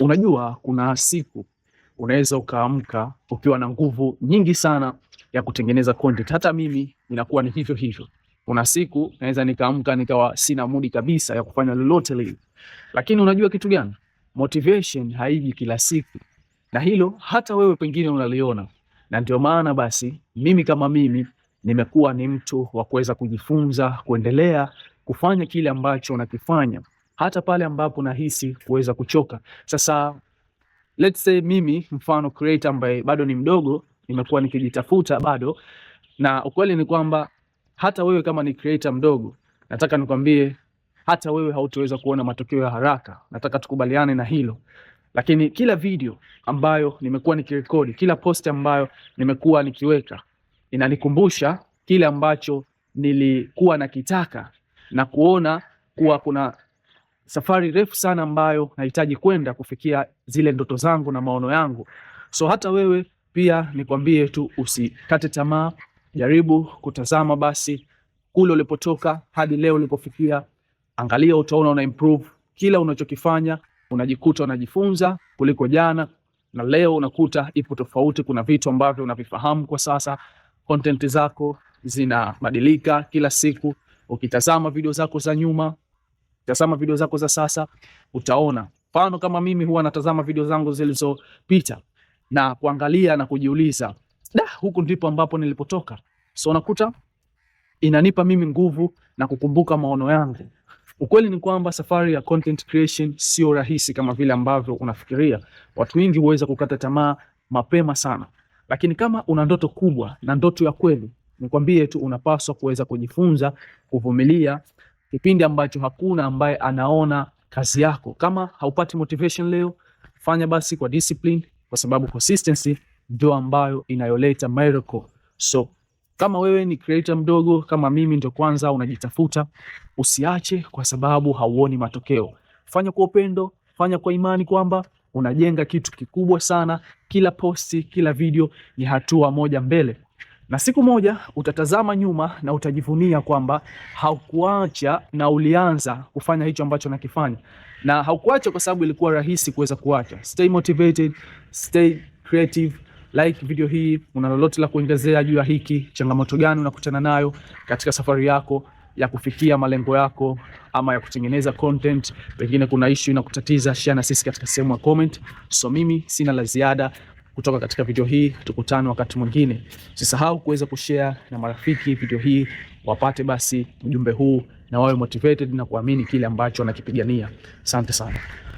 Unajua, kuna siku unaweza ukaamka ukiwa na nguvu nyingi sana ya kutengeneza content. Hata mimi ninakuwa ni hivyo hivyo. Kuna siku naweza nikaamka nikawa sina mudi kabisa ya kufanya lolote lile, lakini unajua kitu gani? Motivation haiji kila siku, na hilo hata wewe pengine unaliona, na ndio maana basi mimi kama mimi nimekuwa ni mtu wa kuweza kujifunza, kuendelea kufanya kile ambacho nakifanya hata pale ambapo nahisi kuweza kuchoka. Sasa let's say mimi mfano creator ambaye bado ni mdogo, nimekuwa nikijitafuta bado, na ukweli ni kwamba hata wewe kama ni creator mdogo, nataka nikwambie hata wewe hautaweza kuona matokeo ya haraka. Nataka tukubaliane na hilo, lakini kila video ambayo nimekuwa nikirekodi, kila post ambayo nimekuwa nikiweka inanikumbusha kile ambacho nilikuwa nakitaka na kuona kuwa kuna safari refu sana ambayo nahitaji kwenda kufikia zile ndoto zangu na maono yangu. So hata wewe pia nikwambie tu, usikate tamaa, jaribu kutazama basi kule ulipotoka hadi leo ulipofikia. Angalia, utaona una improve kila unachokifanya, unajikuta unajifunza kuliko jana, na leo unakuta ipo tofauti. Kuna vitu ambavyo unavifahamu kwa sasa, content zako zinabadilika kila siku. Ukitazama video zako za nyuma Tazama video zako za sasa, utaona mfano. Kama mimi huwa natazama video zangu zilizopita na kuangalia na kujiuliza, da, huku ndipo ambapo nilipotoka. So nakuta inanipa mimi nguvu na kukumbuka maono yangu. Ukweli ni kwamba safari ya content creation sio rahisi kama vile ambavyo unafikiria. Watu wengi huweza kukata tamaa mapema sana, lakini kama una ndoto kubwa na ndoto ya kweli, nikwambie tu unapaswa kuweza kujifunza kuvumilia kipindi ambacho hakuna ambaye anaona kazi yako. Kama haupati motivation leo, fanya basi kwa discipline, kwa sababu consistency ndio ambayo inayoleta miracle. So kama wewe ni creator mdogo kama mimi, ndio kwanza unajitafuta, usiache kwa sababu hauoni matokeo. Fanya kwa upendo, fanya kwa imani kwamba unajenga kitu kikubwa sana. Kila posti, kila video ni hatua moja mbele na siku moja utatazama nyuma na utajivunia kwamba haukuacha na ulianza kufanya hicho ambacho nakifanya, na haukuacha kwa sababu ilikuwa rahisi kuweza kuacha. Stay motivated, stay creative. Like video hii. Una lolote la kuongezea juu ya hiki? Changamoto gani unakutana nayo katika safari yako ya kufikia malengo yako ama ya kutengeneza content? Pengine kuna issue inakutatiza, share na sisi katika sehemu ya comment. So mimi sina la ziada kutoka katika video hii. Tukutane wakati mwingine. Usisahau kuweza kushare na marafiki video hii, wapate basi ujumbe huu na wawe motivated na kuamini kile ambacho wanakipigania. Asante sana.